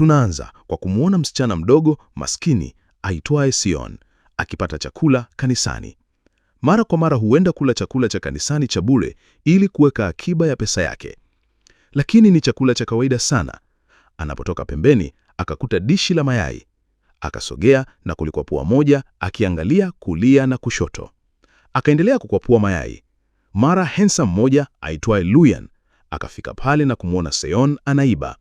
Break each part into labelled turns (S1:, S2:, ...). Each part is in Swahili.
S1: Tunaanza kwa kumwona msichana mdogo maskini aitwaye Sion akipata chakula kanisani. Mara kwa mara huenda kula chakula cha kanisani cha bure ili kuweka akiba ya pesa yake, lakini ni chakula cha kawaida sana. Anapotoka pembeni akakuta dishi la mayai, akasogea na kulikwapua moja, akiangalia kulia na kushoto. Akaendelea kukwapua mayai. Mara hensa mmoja aitwaye Luyan akafika pale na kumwona Seon anaiba.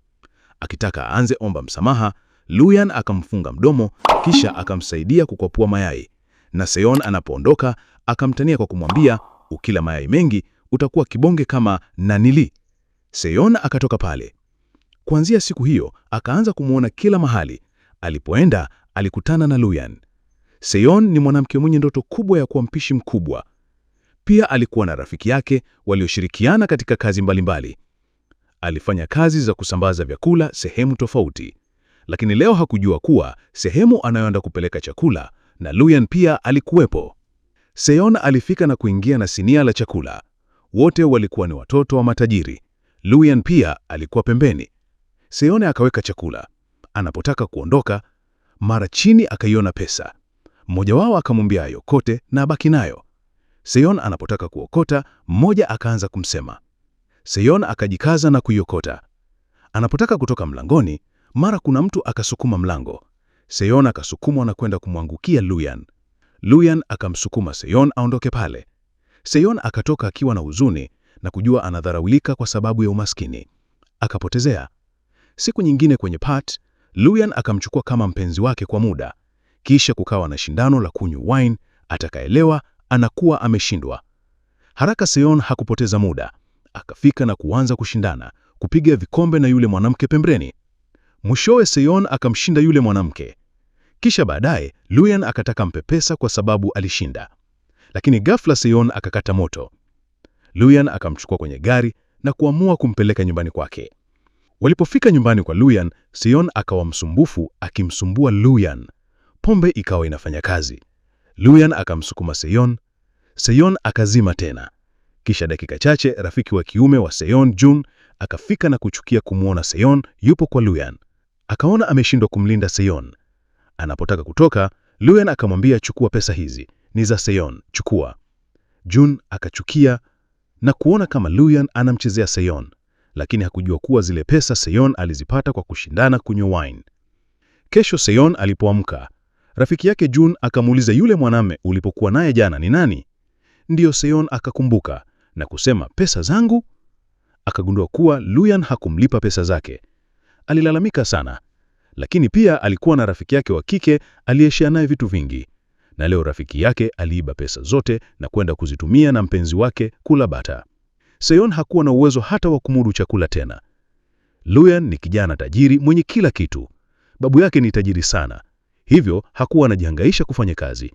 S1: Akitaka aanze omba msamaha, Luyan akamfunga mdomo kisha akamsaidia kukwapua mayai. Na Seon anapoondoka akamtania kwa kumwambia, ukila mayai mengi utakuwa kibonge kama Nanili. Seon akatoka pale. Kuanzia siku hiyo akaanza kumwona kila mahali. Alipoenda alikutana na Luyan. Seon ni mwanamke mwenye ndoto kubwa ya kuwa mpishi mkubwa. Pia alikuwa na rafiki yake walioshirikiana katika kazi mbalimbali mbali alifanya kazi za kusambaza vyakula sehemu tofauti, lakini leo hakujua kuwa sehemu anayoenda kupeleka chakula na Luyan pia alikuwepo. Seyon alifika na kuingia na sinia la chakula. Wote walikuwa ni watoto wa matajiri. Luyan pia alikuwa pembeni. Seyon akaweka chakula. Anapotaka kuondoka, mara chini akaiona pesa. Mmoja wao akamwambia ayokote na abaki nayo. Seyon anapotaka kuokota, mmoja akaanza kumsema Seyon akajikaza na kuiokota. Anapotaka kutoka mlangoni, mara kuna mtu akasukuma mlango. Seyon akasukumwa na kwenda kumwangukia Luyan. Luyan akamsukuma Seyon aondoke pale. Seyon akatoka akiwa na huzuni na kujua anadharaulika kwa sababu ya umaskini. Akapotezea. Siku nyingine kwenye part, Luyan akamchukua kama mpenzi wake kwa muda. Kisha kukawa na shindano la kunywa wine, atakaelewa anakuwa ameshindwa. Haraka Seyon hakupoteza muda akafika na kuanza kushindana kupiga vikombe na yule mwanamke pembeni. Mwishowe Seyon akamshinda yule mwanamke. Kisha baadaye Luyan akataka mpepesa kwa sababu alishinda, lakini ghafla Seyon akakata moto. Luyan akamchukua kwenye gari na kuamua kumpeleka nyumbani kwake. Walipofika nyumbani kwa Luyan, Seyon akawa msumbufu akimsumbua Luyan. Pombe ikawa inafanya kazi. Luyan akamsukuma Seyon. Seyon akazima tena. Kisha dakika chache rafiki wa kiume wa Seon Jun akafika na kuchukia kumwona Seon yupo kwa Luyan. Akaona ameshindwa kumlinda Seon. Anapotaka kutoka, Luyan akamwambia chukua pesa hizi, ni za Seon, chukua. Jun akachukia na kuona kama Luyan anamchezea Seon, lakini hakujua kuwa zile pesa Seon alizipata kwa kushindana kunywa wine. Kesho Seon alipoamka, rafiki yake Jun akamuuliza yule mwanamme ulipokuwa naye jana ni nani? Ndiyo Seon akakumbuka, na kusema pesa zangu. Akagundua kuwa Luyan hakumlipa pesa zake. Alilalamika sana, lakini pia alikuwa na rafiki yake wa kike aliyeshia naye vitu vingi, na leo rafiki yake aliiba pesa zote na kwenda kuzitumia na mpenzi wake kula bata. Seyon hakuwa na uwezo hata wa kumudu chakula tena. Luyan ni kijana tajiri mwenye kila kitu. Babu yake ni tajiri sana, hivyo hakuwa anajihangaisha kufanya kazi,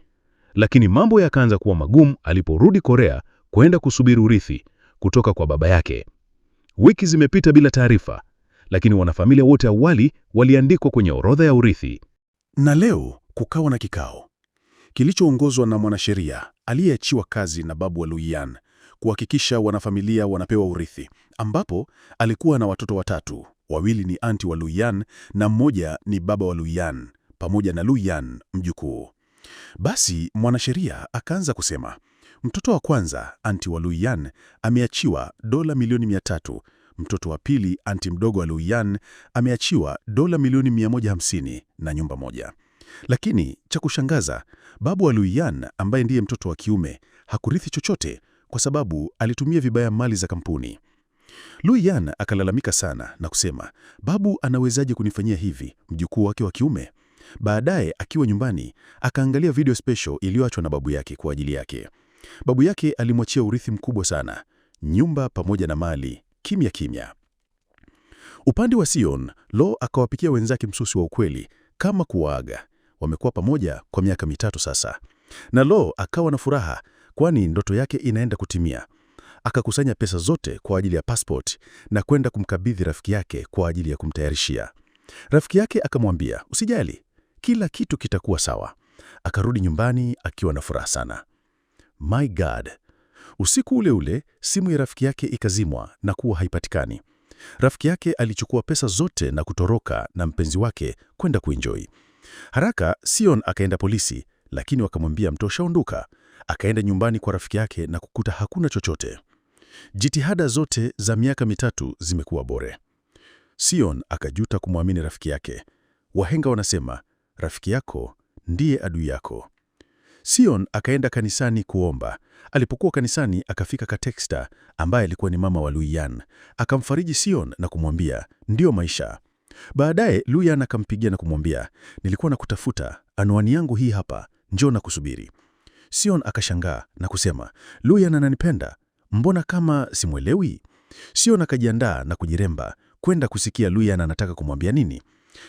S1: lakini mambo yakaanza kuwa magumu aliporudi Korea kwenda kusubiri urithi kutoka kwa baba yake. Wiki zimepita bila taarifa, lakini wanafamilia wote awali waliandikwa kwenye orodha ya urithi.
S2: Na leo kukawa na kikao kilichoongozwa na mwanasheria aliyeachiwa kazi na babu wa Luian kuhakikisha wanafamilia wanapewa urithi, ambapo alikuwa na watoto watatu, wawili ni anti wa Luian na mmoja ni baba wa Luian, pamoja na Luian mjukuu. Basi mwanasheria akaanza kusema Mtoto wa kwanza, anti wa Luiyan, ameachiwa dola milioni mia tatu. Mtoto wa pili, anti mdogo wa Luiyan, ameachiwa dola milioni 150 na nyumba moja. Lakini cha kushangaza, babu wa Luiyan ambaye ndiye mtoto wa kiume hakurithi chochote kwa sababu alitumia vibaya mali za kampuni. yan akalalamika sana na kusema, babu anawezaje kunifanyia hivi, mjukuu wake wa kiume? Baadaye akiwa nyumbani akaangalia video special iliyoachwa na babu yake kwa ajili yake. Babu yake alimwachia urithi mkubwa sana, nyumba pamoja na mali, kimya kimya. Upande wa Sion, Lo akawapikia wenzake msusi wa ukweli kama kuwaaga. Wamekuwa pamoja kwa miaka mitatu sasa, na Lo akawa na furaha, kwani ndoto yake inaenda kutimia. Akakusanya pesa zote kwa ajili ya passport na kwenda kumkabidhi rafiki yake kwa ajili ya kumtayarishia. Rafiki yake akamwambia, usijali, kila kitu kitakuwa sawa. Akarudi nyumbani akiwa na furaha sana. My God. Usiku ule ule simu ya rafiki yake ikazimwa na kuwa haipatikani. Rafiki yake alichukua pesa zote na kutoroka na mpenzi wake kwenda kuenjoy. Haraka Sion akaenda polisi, lakini wakamwambia mtoshaondoka. Akaenda nyumbani kwa rafiki yake na kukuta hakuna chochote. Jitihada zote za miaka mitatu zimekuwa bore Sion akajuta kumwamini rafiki yake. Wahenga wanasema rafiki yako ndiye adui yako. Sion akaenda kanisani kuomba. Alipokuwa kanisani, akafika Katexta ambaye alikuwa ni mama wa Luian. Akamfariji Sion na kumwambia, ndiyo maisha. Baadaye Luian akampigia na kumwambia, nilikuwa na kutafuta anwani yangu hii hapa, njoo na kusubiri. Sion akashangaa na kusema, Luian ananipenda? Mbona kama simwelewi? Sion akajiandaa na kujiremba kwenda kusikia Luian anataka kumwambia nini,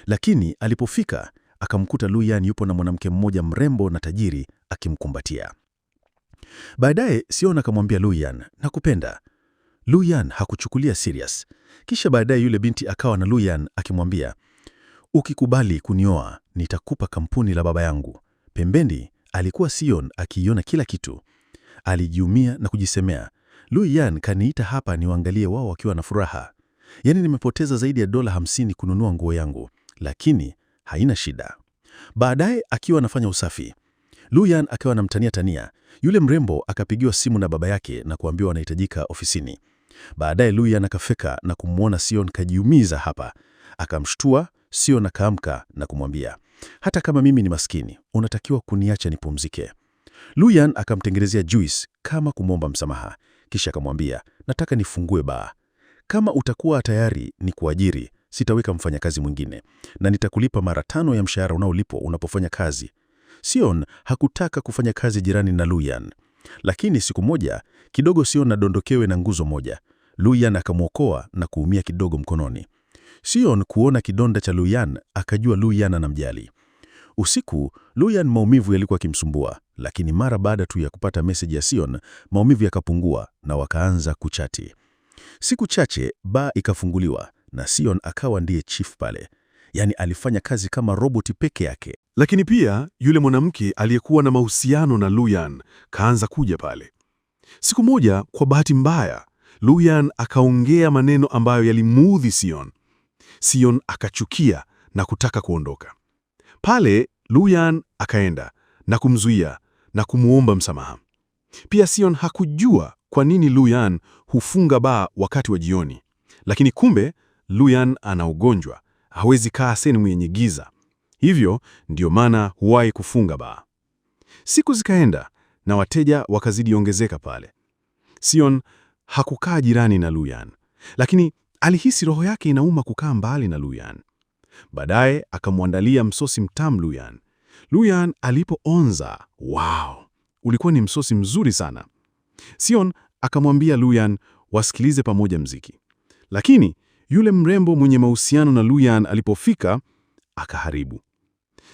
S2: lakini alipofika akamkuta Luyan yupo na mwanamke mmoja mrembo na tajiri akimkumbatia. Baadaye Sion akamwambia Luyan, nakupenda. Luyan hakuchukulia serious. Kisha baadaye yule binti akawa na Luyan akimwambia, ukikubali kunioa nitakupa kampuni la baba yangu. Pembeni alikuwa Sion akiiona kila kitu. Alijiumia na kujisemea, Luyan kaniita hapa niwaangalie wao wakiwa na furaha, yaani nimepoteza zaidi ya dola hamsini kununua nguo yangu, lakini haina shida. Baadaye akiwa anafanya usafi, Luyan akawa anamtania tania. Yule mrembo akapigiwa simu na baba yake na kuambiwa anahitajika ofisini. Baadaye Luyan akafeka na kumwona Sion kajiumiza hapa, akamshtua Sion. Akaamka na kumwambia, hata kama mimi ni maskini, unatakiwa kuniacha nipumzike. Luyan akamtengenezea juice kama kumwomba msamaha, kisha akamwambia, nataka nifungue baa, kama utakuwa tayari ni kuajiri sitaweka mfanyakazi mwingine na nitakulipa mara tano ya mshahara unaolipwa unapofanya kazi. Sion hakutaka kufanya kazi jirani na Luyan, lakini siku moja kidogo Sion adondokewe na nguzo moja. Luyan akamwokoa na kuumia kidogo mkononi. Sion kuona kidonda cha Luyan akajua Luyan anamjali. Usiku Luyan maumivu yalikuwa akimsumbua, lakini mara baada tu ya kupata meseji ya Sion maumivu yakapungua na wakaanza kuchati. Siku chache baa ikafunguliwa na Sion akawa ndiye chief pale. Yaani alifanya kazi kama roboti peke yake. Lakini pia yule mwanamke aliyekuwa na mahusiano na Luyan kaanza kuja pale. Siku moja, kwa bahati mbaya, Luyan akaongea maneno ambayo yalimuudhi Sion. Sion akachukia na kutaka kuondoka pale. Luyan akaenda na kumzuia na kumwomba msamaha. Pia Sion hakujua kwa nini Luyan hufunga baa wakati wa jioni, lakini kumbe Luyan ana ugonjwa, hawezi kaa sehemu yenye giza, hivyo ndiyo maana huwahi kufunga baa. Siku zikaenda na wateja wakazidi ongezeka pale. Sion hakukaa jirani na Luyan, lakini alihisi roho yake inauma kukaa mbali na Luyan. Baadaye akamwandalia msosi mtamu Luyan. Luyan alipoonza, wow, ulikuwa ni msosi mzuri sana. Sion akamwambia Luyan wasikilize pamoja mziki, lakini yule mrembo mwenye mahusiano na Luyan alipofika, akaharibu.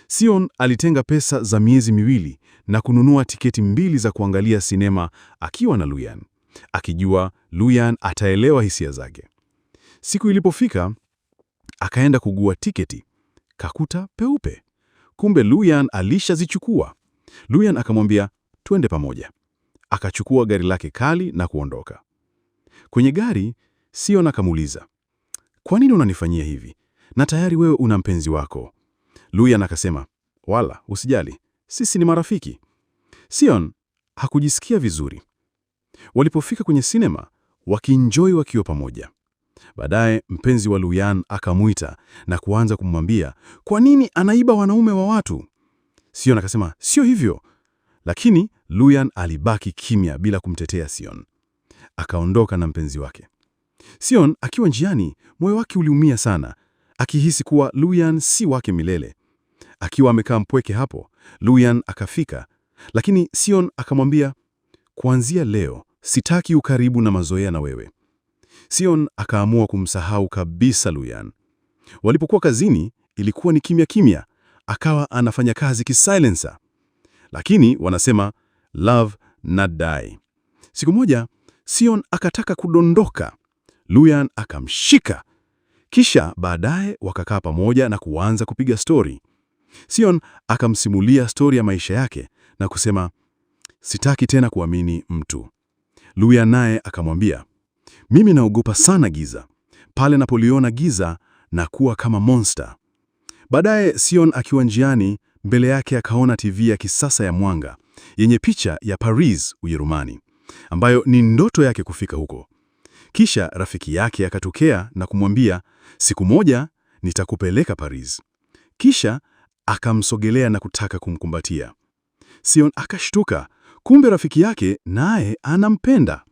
S2: Sion alitenga pesa za miezi miwili na kununua tiketi mbili za kuangalia sinema akiwa na Luyan, akijua Luyan ataelewa hisia zake. Siku ilipofika, akaenda kugua tiketi, kakuta peupe. Kumbe Luyan alishazichukua. Luyan akamwambia twende pamoja, akachukua gari lake kali na kuondoka. Kwenye gari, Sion akamuuliza kwa nini unanifanyia hivi? Na tayari wewe una mpenzi wako. Luyan akasema, wala usijali, sisi ni marafiki. Sion hakujisikia vizuri. Walipofika kwenye sinema, wakinjoi wakiwa pamoja. Baadaye mpenzi wa Luyan akamwita na kuanza kumwambia kwa nini anaiba wanaume wa watu. Sion akasema sio hivyo, lakini Luyan alibaki kimya bila kumtetea Sion. Akaondoka na mpenzi wake. Sion akiwa njiani, moyo wake uliumia sana, akihisi kuwa Luyan si wake milele. Akiwa amekaa mpweke hapo, Luyan akafika, lakini Sion akamwambia, kuanzia leo sitaki ukaribu na mazoea na wewe. Sion akaamua kumsahau kabisa Luyan. Walipokuwa kazini, ilikuwa ni kimya kimya, akawa anafanya kazi kisilencer, lakini wanasema love not die. Siku moja Sion akataka kudondoka, Luyan akamshika. Kisha baadaye wakakaa pamoja na kuanza kupiga stori. Sion akamsimulia stori ya maisha yake na kusema, sitaki tena kuamini mtu. Luyan naye akamwambia, mimi naogopa sana giza. Pale napoliona giza na kuwa kama monster. Baadaye Sion akiwa njiani, mbele yake akaona TV ya kisasa ya mwanga yenye picha ya Paris, Ujerumani, ambayo ni ndoto yake kufika huko. Kisha rafiki yake akatokea na kumwambia, siku moja nitakupeleka Paris. Kisha akamsogelea na kutaka kumkumbatia. Sion akashtuka, kumbe rafiki yake naye anampenda.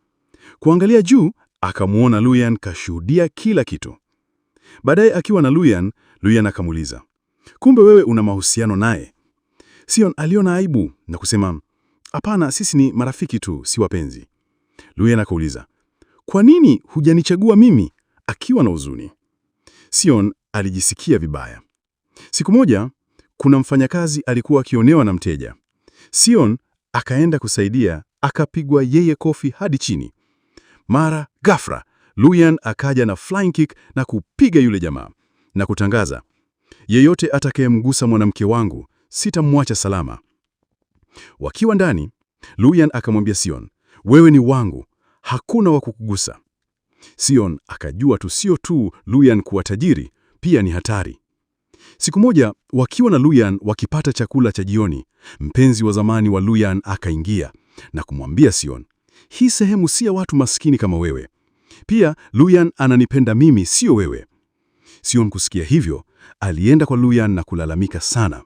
S2: Kuangalia juu akamwona Luyan kashuhudia kila kitu. Baadaye akiwa na Luyan, Luyan akamuuliza, kumbe wewe una mahusiano naye? Sion aliona aibu na kusema, hapana, sisi ni marafiki tu, si wapenzi. Luyan akauliza, kwa nini hujanichagua mimi? Akiwa na huzuni, Sion alijisikia vibaya. Siku moja, kuna mfanyakazi alikuwa akionewa na mteja. Sion akaenda kusaidia, akapigwa yeye kofi hadi chini. Mara ghafla, Luyan akaja na flying kick na kupiga yule jamaa na kutangaza, yeyote atakayemgusa mwanamke wangu sitamwacha salama. Wakiwa ndani, Luyan akamwambia Sion, wewe ni wangu hakuna wa kukugusa. Sion akajua tu sio tu Luyan kuwa tajiri, pia ni hatari. Siku moja wakiwa na Luyan wakipata chakula cha jioni, mpenzi wa zamani wa Luyan akaingia na kumwambia Sion, hii sehemu si ya watu maskini kama wewe. Pia Luyan ananipenda mimi, sio wewe. Sion kusikia hivyo alienda kwa Luyan na kulalamika sana,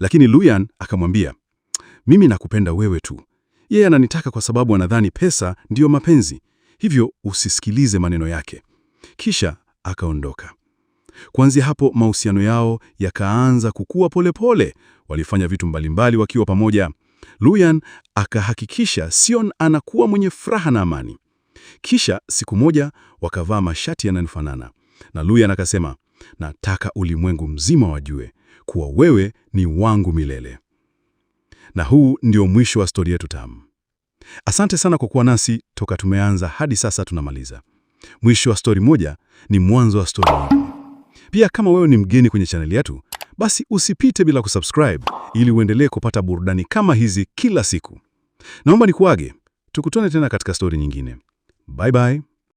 S2: lakini Luyan akamwambia, mimi nakupenda wewe tu, yeye ananitaka kwa sababu anadhani pesa ndiyo mapenzi, hivyo usisikilize maneno yake. Kisha akaondoka. Kuanzia hapo mahusiano yao yakaanza kukua polepole pole. Walifanya vitu mbalimbali wakiwa pamoja. Luyan akahakikisha Sion anakuwa mwenye furaha na amani. Kisha siku moja wakavaa mashati yanayofanana, na Luyan akasema, nataka ulimwengu mzima wajue kuwa wewe ni wangu milele. Na huu ndio mwisho wa stori yetu tamu. Asante sana kwa kuwa nasi toka tumeanza hadi sasa tunamaliza. Mwisho wa stori moja ni mwanzo wa stori nyingine. Pia kama wewe ni mgeni kwenye chaneli yetu, basi usipite bila kusubscribe ili uendelee kupata burudani kama hizi kila siku. Naomba nikuage, tukutane tena katika stori nyingine. Bye bye.